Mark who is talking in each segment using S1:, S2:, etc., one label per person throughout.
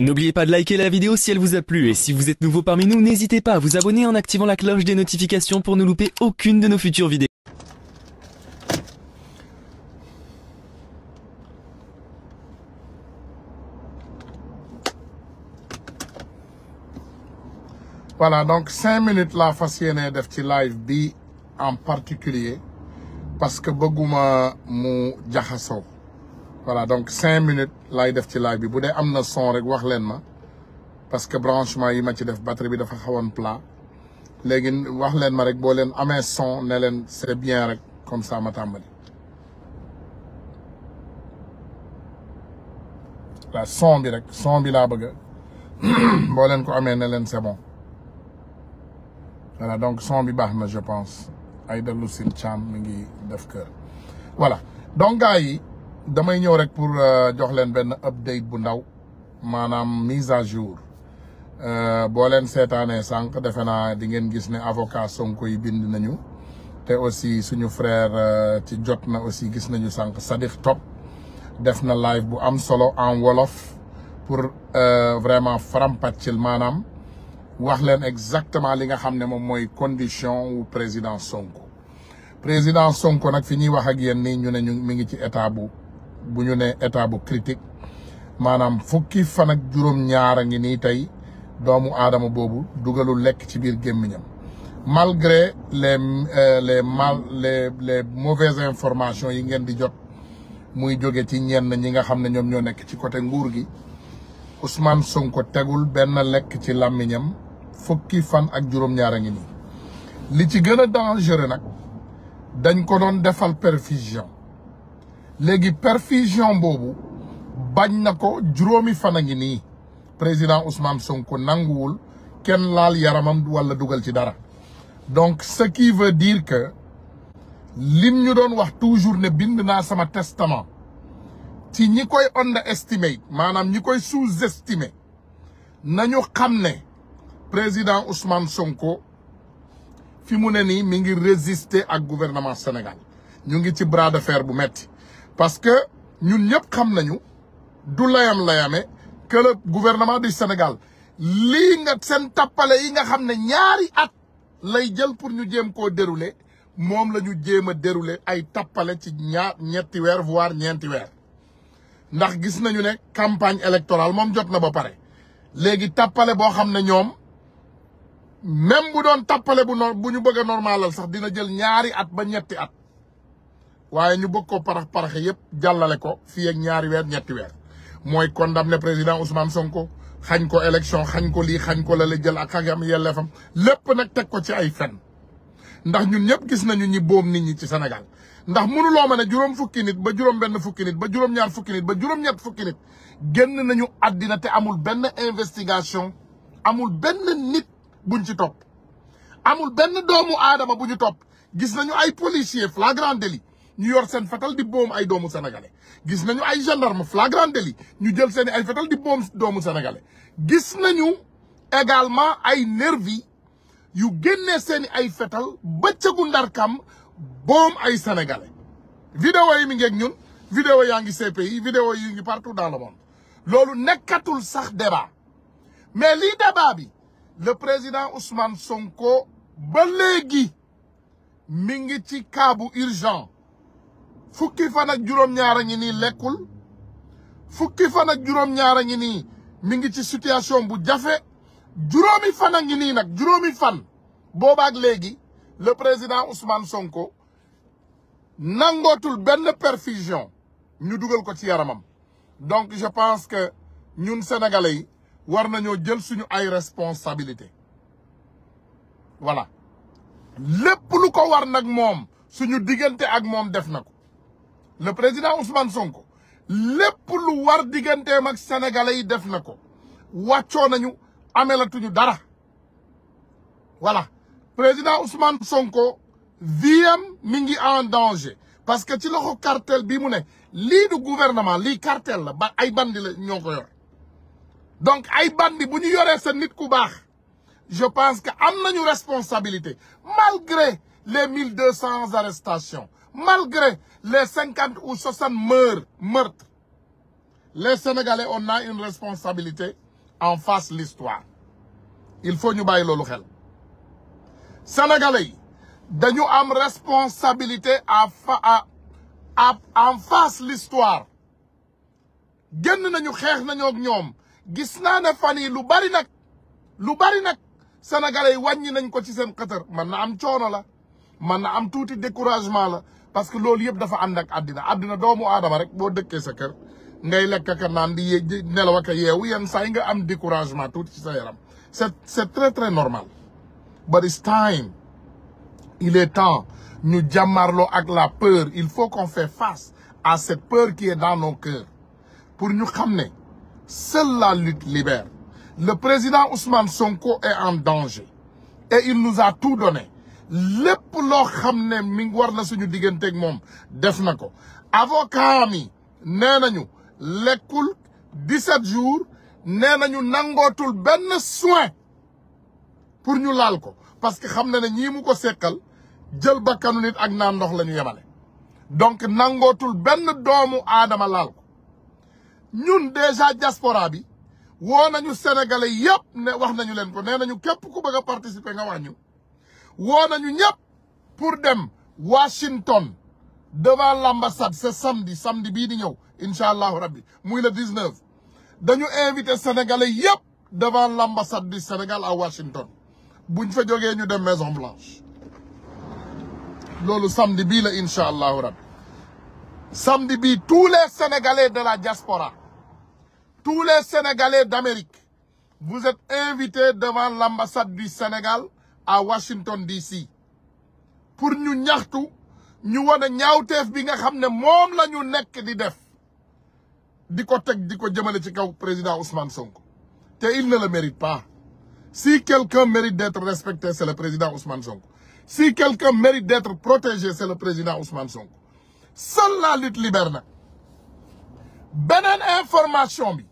S1: N'oubliez pas de liker la vidéo si elle vous a plu et si vous êtes nouveau parmi nous, n'hésitez pas à vous abonner en activant la cloche des notifications pour ne louper aucune de nos futures vidéos. voilà donc cinq minutes fas yéene def ci live bi en particulier parce que bëgguma mu voilà donc cinq minutes laay def ci laaj bi bu dee am na son rek wax leen ma parce que branchement yi ma ci def batri bi dafa xawoon plat léegi wax leen ma rek boo leen amee son ne leen c'est bien rek comme ça ma tàmbali. la son bi rek son bi laa bëgg boo leen ko amee ne leen c'est bon voilà donc son bi baax na je pense ay dellu sin caan mi ngi def kër voilà donc gars yi damay ñëw rek pour euh, jox leen benn update bu ndaw maanaam mise à jour euh, boo leen seetaanee sànq defe naa di ngeen gis ne avocat Sonko yi bind nañu te aussi suñu frère euh, ci jot na aussi gis nañu sànq Sadikh Top def na live bu am solo en wolof pour vraiment farampàccil maanaam wax leen exactement li nga xam ne moom mooy condition wu président Sonko président Sonko nag fi ñuy wax ak yéen nii ñu ne ñu mi ngi ci état bu bu ñu ne état bu critique maanaam fukki fan ak juróom-ñaar a ngi nii tey doomu aadama boobu dugalul lekk ci biir gémmiñam malgré les euh, les mal les les mauvaises informations yi ngeen di jot muy jóge ci ñenn ñi nga xam ne ñoom ñoo nekk ci côté nguur gi Ousmane Sonko tegul benn lekk ci làmmiñam fukki fan ak juróom-ñaar ngi nii li ci gën a dangereux nag dañ ko doon defal perfusion léegi perfusion boobu bañ na ko juróomi fan a ngi nii président Ousmane Sonko nanguwul kenn laal yaramam walla dugal ci dara donc ce qui veut dire que lim ñu doon wax toujours ne bind naa sama testament ci ñi koy underestimé maanaam ñi koy sous-estimé nañu xam ne président Ousmane Sonko fi mu ne nii mi ngi résister ak gouvernement Sénégal ñu ngi ci bras de fer bu metti parce que ñun ñëpp xam nañu du layam layame que le gouvernement du Sénégal lii nga seen tappale yi nga xam ne ñaari at lay jël pour ñu jéem koo dérouler moom la ñu jéem a dérouler ay tappale ci ñaar ñetti weer voire ñeenti weer ndax gis nañu ne campagne électorale moom jot na ba pare léegi tappale boo xam ne ñoom même bu doon tappale bu no bu ñu bëgg a normalal sax dina jël ñaari at ba ñetti at waaye ñu bëgg ko parax paraxe yëpp jàllale ko fii ak ñaari weer ñetti weer mooy kon condamné président Ousmane Sonko xañ ko élection xañ ko lii xañ ko la la jël ak xagam yelleefam lépp nag teg ko ci ay fen ndax ñun ñëpp gis nañu ñi boom nit ñi ci Sénégal ndax mënuloo ma ne juróom fukki nit ba juróom benn fukki nit ba juróom ñaar fukki nit ba juróom ñett fukki nit génn nañu àddina te amul benn investigation amul benn nit buñ ci topp amul benn doomu aadama bu ñu topp gis nañu ay policier flagrant ñu yor seen fetal di boom ay doomu sénégalais gis nañu ay gendarme flagrant délit ñu jël seen ay fetal di boom doomu sénégalais gis nañu également ay nervi yu génnee seen ay fetal bëccëgu ndarkam boom ay sénégalais vidéo yi mi ngeeg ñun vidéo yaa ngi CPI vidéo yi ngi partout dans le monde loolu nekkatul sax débat mais lii débat bi le président Ousmane Sonko ba léegi mi ngi ci kaabu urgent fukki fan ak juróom-ñaar a ngi nii lekkul fukki fan ak juróom-ñaar a ngi nii mi ci situation bu jafe juróomi fan a ngi nii nag juróomi fan ak léegi le président Ousmane Sonko nangootul benn perfusion ñu dugal ko ci yaramam donc je pense que ñun sénégalais yi war nañoo jël suñu ay responsabilité voilà lépp lu ko war nag moom suñu diggante ak moom def na ko le président Ousmane Sonko lépp lu war digganteem ak sénégalais yi def na ko wàccoo nañu amelatuñu dara voilà président Ousmane Sonko viam mi ngi en danger parce que ci loxo cartel bi mu ne lii du gouvernement lii cartel la ba ay bandi la ñoo ko yor donc ay bandi bu ñu yoree sa nit ku baax je pense que am nañu responsabilité malgré les mille deux cents arrestations malgré les cinquante ou soixante meurtres meurtres les sénégalais on a une responsabilité en face l'histoire il faut ñu bàyyi loolu xel sénégalais yi dañu am responsabilité à fa à en face l'histoire génn nañu xeex nañoo ñoom gis naa ne fan yi lu bari nag lu bari nag sénégalais yi wàññi nañ ko ci seen xëtër mën na am coono la man na am tuuti découragement la parce que loolu yëpp dafa ànd ak àddina àddina doomu aadama rek boo dëkkee sa kër ngay lekk ka naan di yéeg di nelaw ak yeewu yenn saa yi nga am découragement tuuti ci sa yaram c'est c'est très très normal but it's time il est temps ñu jàmmarloo ak la peur il faut qu'on fait face à cette peur qui est dans nos cœurs pour ñu xam ne seule la lutte libère le président Ousmane Sonko est en danger et il nous a tout donné lépp loo xam ne mi war na suñu digganteeg moom def na ko avocat mi nee nañu lekkul 17 jours nee nañu nangootul benn soin pour ñu laal ko parce que xam na ne ñii mu ko sekkal jël bakkanu nit ak naan ndox la ñu yemale donc nangootul benn doomu aadama laal ko ñun déjà diaspora bi woo nañu sénégalais yëpp ne wax nañu leen ko nee nañu képp ku bëgg a participer nga wax ñu woo nañu ñëpp pour dem Washington devant l'ambassade c'est samedi samedi bii di ñëw incha allahu rabbi muy le 19 dañu invité sénégalais yëpp devant l'ambassade du Sénégal à Washington buñ fa jogee ñu dem Maison Blanche loolu samedi bii la incha allahu rabbi samedi bii tous les sénégalais de la diaspora tous les sénégalais d'Amérique vous êtes invités devant l'ambassade du Sénégal à Washington DC pour ñu ñaxtu ñu wane ñaawteef bi nga xam ne moom la nekk di def di ko teg di ko jëmale ci kaw président Ousmane Sonko te il ne le mérite pas si quelqu'un mérite d'être respecté c'est le président Ousmane Sonko si quelqu'un mérite d'être protégé c'est le président Ousmane Sonko seule la lutte libère na beneen information bi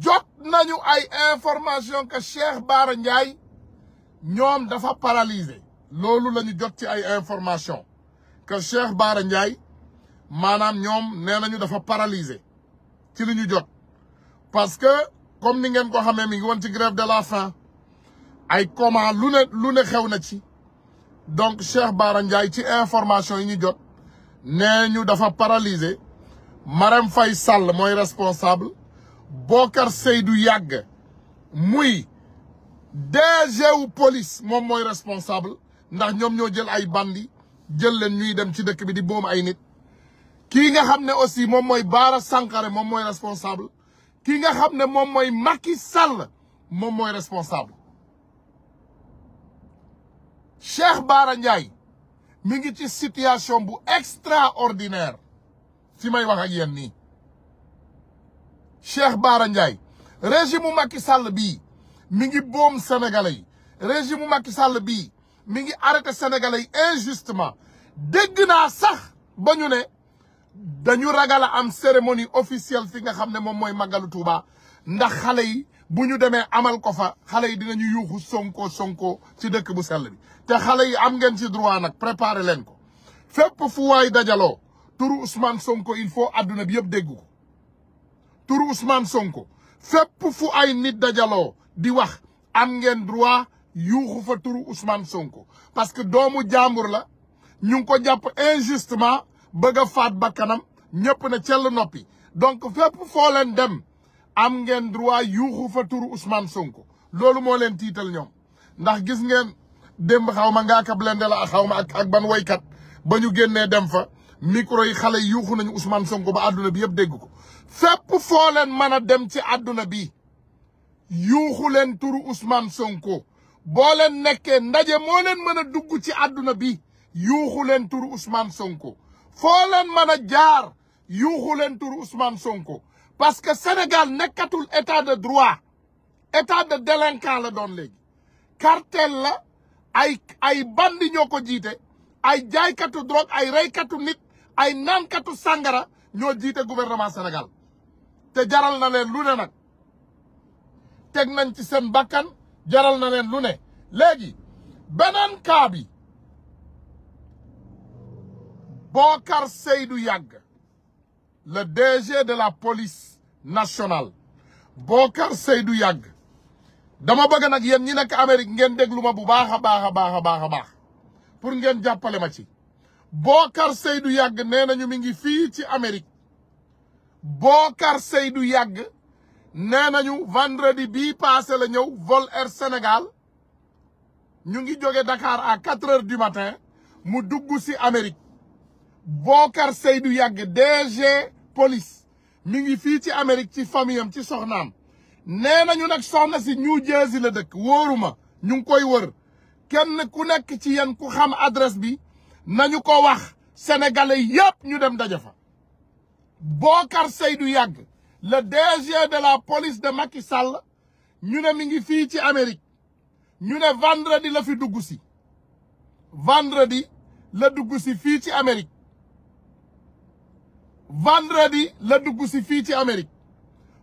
S1: jot nañu ay information que Cheikh Bara Ndiaye ñoom dafa paralysé loolu la ñu jot ci ay information que Cheikh Bara Ndiaye maanaam ñoom nee nañu dafa paralysé ci li ñu jot parce que comme ni ngeen ko xamee mi ngi woon ci grève de la faim ay comment lu ne lu ne xew na ci donc Cheikh Bara Ndiaye ci information yi ñu jot nee ñu dafa paralysé Marème fay Sall mooy responsable Bokar Seydou Yàgg muy DG wu police moom mooy responsable ndax ñoom ñoo jël ay bandi jël leen ñuy dem ci dëkk bi di boom ay nit kii nga xam ne aussi moom mooy Bara Sankare moom mooy responsable kii nga xam ne moom mooy Macky Sall moom mooy responsable Cheikh baara Ndiaye mu ngi ci situation bu extraordinaire fi may wax ak yenn nii Cheikh baara Ndiaye régime Macky Sall bii mi ngi boom sénégalais yi régime Macky Sall bii mi ngi arrêté sénégalais yi injustement dégg naa sax ba ñu ne dañu ragal a am cérémonie officielle fi nga xam ne moom mooy màggalu Touba ndax xale yi bu ñu demee amal ko fa xale yi dinañu yuuxu sonko sonko si dëkk bu sell bi te xale yi am ngeen ci droit nag préparer leen ko fépp fu waay dajaloo turu Ousmane Sonko il faut adduna bi yëpp dégg ko turu Ousmane Sonko fépp fu ay nit dajaloo di wax am ngeen droit yuuxu fa turu Ousmane Sonko parce que doomu jàmbur la ñu ngi ko jàpp injustement bëgg a faat bakkanam ñëpp na cell noppi donc fépp foo leen dem am ngeen droit yuuxu fa turu Ousmane Sonko loolu moo leen tiital ñoom ndax gis ngeen démb xaw ma ngaaka blende la xaw ma ak ak ban woykat ba ñu génnee dem fa micro xale yuuxu nañu Ousmane Sonko ba àdduna bi yëpp dégg ko fépp fooleen leen mën a dem ci àdduna bi yuuxu leen turu Ousmane Sonko boo leen nekkee ndaje moo leen mën a dugg ci àdduna bi yuuxu leen usmaan Sonko foo leen mën a jaar yuuxu leen turu Ousmane Sonko parce que Sénégal nekkatul état de droit état de délinquant la doon léegi cartel la ay ay bandi ñoo ko jiite ay jaaykatu drogue ay reykatu nit ay naankatu sangara ñoo jiite gouvernement Sénégal te jaral na leen lu ne nag teg nañ ci seen bakkan jaral na leen lu ne léegi beneen cas bi Bocar Seydou yàgg le DG de la police nationale Bocar Seydou yàgg dama bëgg nag yéen ñi nekk Amérique ngeen déglu ma bu baax a baax a baax a baax a baax pour ngeen jàppale ma ci boo Bocar Seydou yàgg nee nañu mi ngi fii ci Amérique Bocar Seydou yàgg nee nañu vendredi bii passé la ñëw vol Air Sénégal ñu ngi jóge Dakar à quatre heures du matin mu dugg ci Amérique Bokar Seydou Yàgg DG police mi ngi fii ci Amérique ci famille ci soxnaam nee nañu nag soxna si New Jersey la dëkk wóoruma ñu ngi koy wër kenn ku nekk ci yéen ku xam adresse bi nañu ko wax sénégalais yépp ñu dem daje fa Bokar du Yàgg le DG de la polis de Macky Sall ñu ne mi ngi fii ci Amérique ñu ne vendredi la fi dugg si vendredi la dugg si fii ci Amérique vendredi la dugg si fii ci Amérique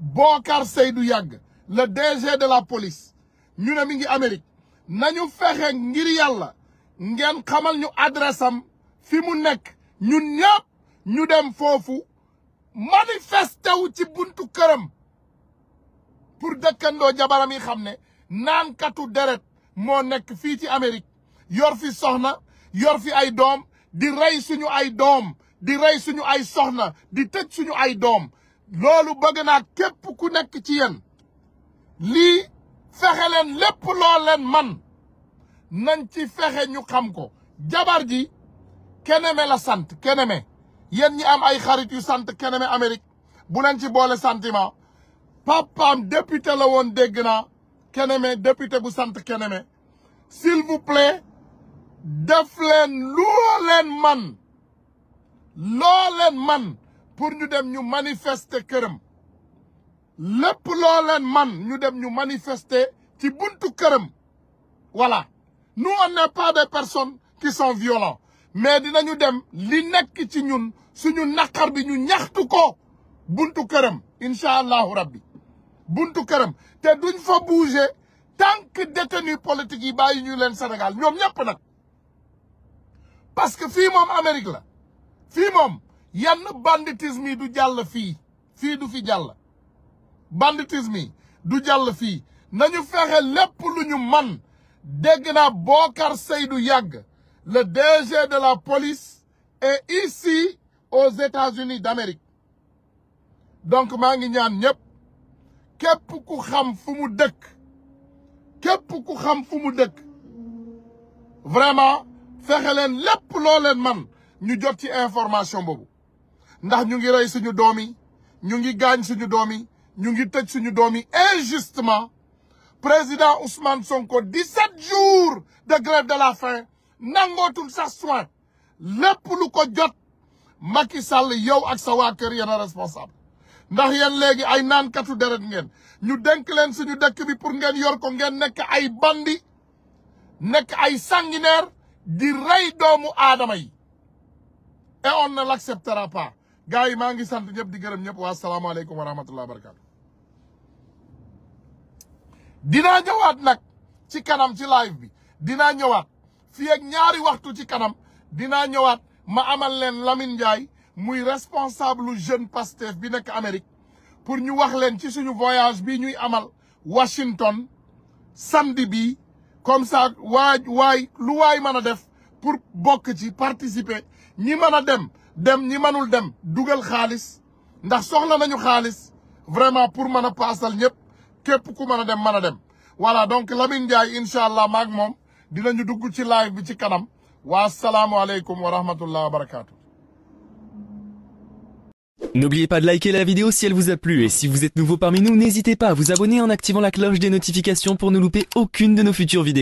S1: Bokar Seydou Yàgg le DG de la polis ñu ne mi ngi Amérique nañu fexe ngir yàlla ngeen xamal ñu adresse fi mu nekk ñun ñëpp ñu dem foofu manifesté wu ci buntu këram pour dëkkandoo jabaram yi xam ne naankatu deret moo nekk fii ci Amérique yor fi soxna yor fi ay doom di rey suñu ay doom di rey suñu ay soxna di tëj suñu ay doom loolu bëgg naa képp ku nekk ci yéen lii fexe lépp loo leen man nañ ci fexe ñu xam ko jabar ji keneme la sant keneme yéen ñi am ay xarit yu sant Keneme Amérique bu leen ci boole sentiment papaam député la woon dégg naa Keneme député bu sant Keneme s'il vous plaît def leen man loo man pour ñu dem ñu manifester këram lépp loo man ñu dem ñu manifester ci buntu këram voilà nous on n'est pas des personnes qui sont violentes mais dinañu dem li nekk ci ñun suñu naqar bi ñu ñaxtu ko buntu këram incha allahu rabbi buntu këram te duñ fa bouger tant que détenu yi bàyyi ñu leen Sénégal ñoom ñëpp nag parce que fii moom Amérique la fii moom yenn banditisme yi du jàll fii fii du fi jàll banditisme yi du jàll fii nañu fexe lépp lu ñu man dégg naa boo Bocar Seydou yàgg le DG de la police est ici aux États-Unis d'Amérique donc maa ngi ñaan ñëpp képp ku xam fu mu dëkk képp ku xam fu mu dëkk vraiment fexe leen lépp loo leen man ñu jot ci information boobu ndax ñu ngi rey suñu doom yi ñu ngi gaañ suñu doom yi ñu ngi tëj suñu doom yi injustement président Ousmane Sonko 17 jours de grève de la faim nangootul sax soin lépp lu ko jot Macky Sall yow ak sa waa kër yéen a responsable ndax yéen léegi ay naankatu deret ngeen ñu denk leen suñu dëkk bi pour ngeen yor ko ngeen nekk ay bandi nekk ay sanguinaire di rey doomu aadama yi et on ne l'acceptera pas gars yi maa ngi sant ñëpp di gërëm ñëpp waa salaamaaleykum wa rahmatullah barakaatu dinaa ñëwaat nag ci kanam ci live bi dinaa ñëwaat fii ñaari waxtu ci kanam dinaa ñëwaat ma amal leen Lamine Ndiaye muy responsable jeune Pastef bi nekk Amérique pour ñu wax leen ci suñu voyage bi ñuy amal Washington samedi bi comme ça waay waay lu waay mën a def pour bokk ci participer ñi mën a dem dem ñi mënul dem dugal xaalis ndax soxla nañu xaalis vraiment pour mën a paasal ñëpp képp ku mën a dem mën a dem voilà donc Lamine Ndiaye incha allah maak moom dinañu dugg ci live bi ci kanam waa salaamualeykum wa rahmatullah N'oubliez pas de liker la vidéo si elle vous a plu et si vous êtes nouveau parmi nous, n'hésitez pas à vous abonner en activant la cloche des notifications pour ne louper aucune de nos futures